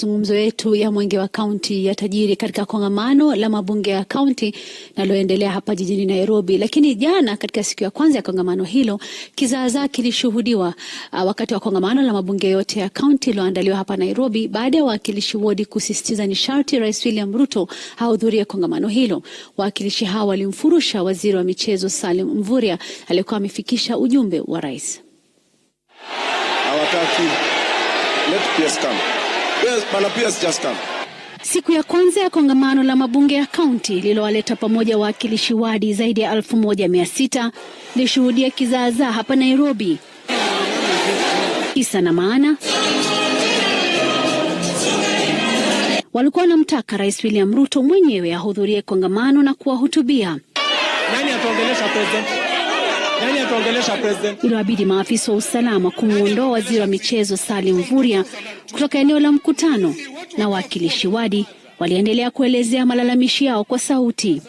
mazungumzo yetu ya mwenge wa kaunti ya tajiri katika kongamano la mabunge ya kaunti linaloendelea hapa jijini Nairobi. Lakini jana katika siku ya kwanza ya kongamano hilo, kizaazaa kilishuhudiwa uh, wakati wa kongamano la mabunge yote ya kaunti iliyoandaliwa hapa Nairobi, baada ya wawakilishi wodi kusisitiza ni sharti Rais William Ruto ahudhurie kongamano hilo. Wawakilishi hao walimfurusha waziri wa michezo Salim Mvurya aliyekuwa amefikisha ujumbe wa rais. Hawataki. Let peace come. Yes, just come. Siku ya kwanza ya kongamano la mabunge ya kaunti lililowaleta pamoja wawakilishi wadi zaidi ya elfu moja mia sita lilishuhudia kizaazaa hapa Nairobi. Kisa na maana, walikuwa wanamtaka Rais William Ruto mwenyewe ahudhurie kongamano na kuwahutubia. Nani ataongelesha president? yani ataongelesha president? Inabidi maafisa wa usalama kumwondoa waziri wa michezo Salim Vuria kutoka eneo la mkutano, na wawakilishi wadi waliendelea kuelezea malalamishi yao kwa sauti.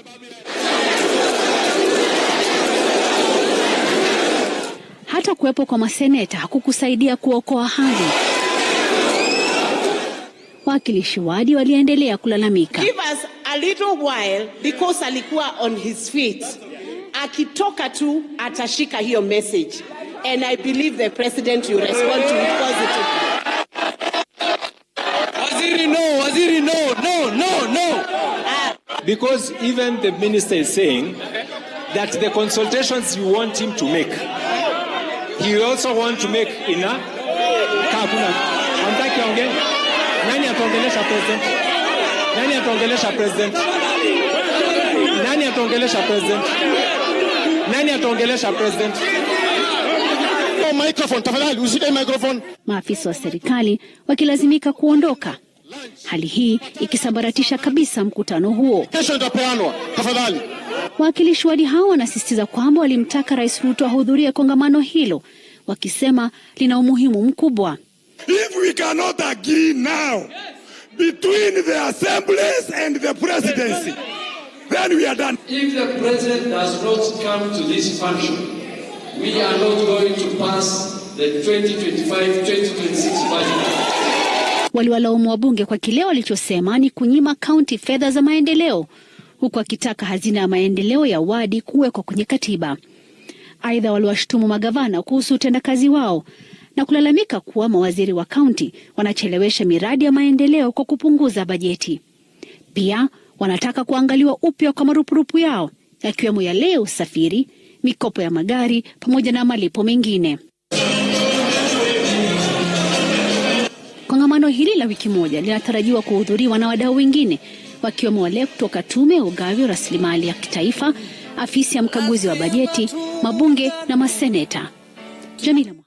Hata kuwepo kwa maseneta hakukusaidia kuokoa hali. Wawakilishi wadi waliendelea kulalamika. Give us a little while because alikuwa on his feet akitoka tu atashika hiyo message and I believe the president will respond to it positively. Waziri no, waziri no, no, no, no. Ah. Because even the minister is saying that the consultations you want him to make, he also want to make in a kabuna. Hamtaki aongee? Nani ataongelesha president? Nani ataongelesha president? Nani ataongelesha president? Nani ataongelesha president? Oh, microphone tafadhali, uside microphone. Maafisa wa serikali wakilazimika kuondoka, hali hii ikisambaratisha kabisa mkutano huo. Kesho itapeanwa tafadhali. Wawakilishi wadi hao wanasisitiza kwamba walimtaka Rais Ruto ahudhurie kongamano hilo, wakisema lina umuhimu mkubwa. If we cannot agree now between the assemblies and the presidency Then we are done. If the president does not come to this function, we are not going to pass the 2025-2026 budget. Waliwalaumu wabunge kwa kile walichosema ni kunyima kaunti fedha za maendeleo huku akitaka hazina ya maendeleo ya wadi kuwekwa kwenye katiba. Aidha, waliwashutumu magavana kuhusu utendakazi wao na kulalamika kuwa mawaziri wa kaunti wanachelewesha miradi ya maendeleo kwa kupunguza bajeti. Pia wanataka kuangaliwa upya kwa marupurupu yao yakiwemo yale ya usafiri, mikopo ya magari pamoja na malipo mengine. Kongamano hili la wiki moja linatarajiwa kuhudhuriwa na wadau wengine wakiwemo wale kutoka Tume ya Ugavi wa Rasilimali ya Kitaifa, afisi ya mkaguzi wa bajeti, mabunge na maseneta. Jamila.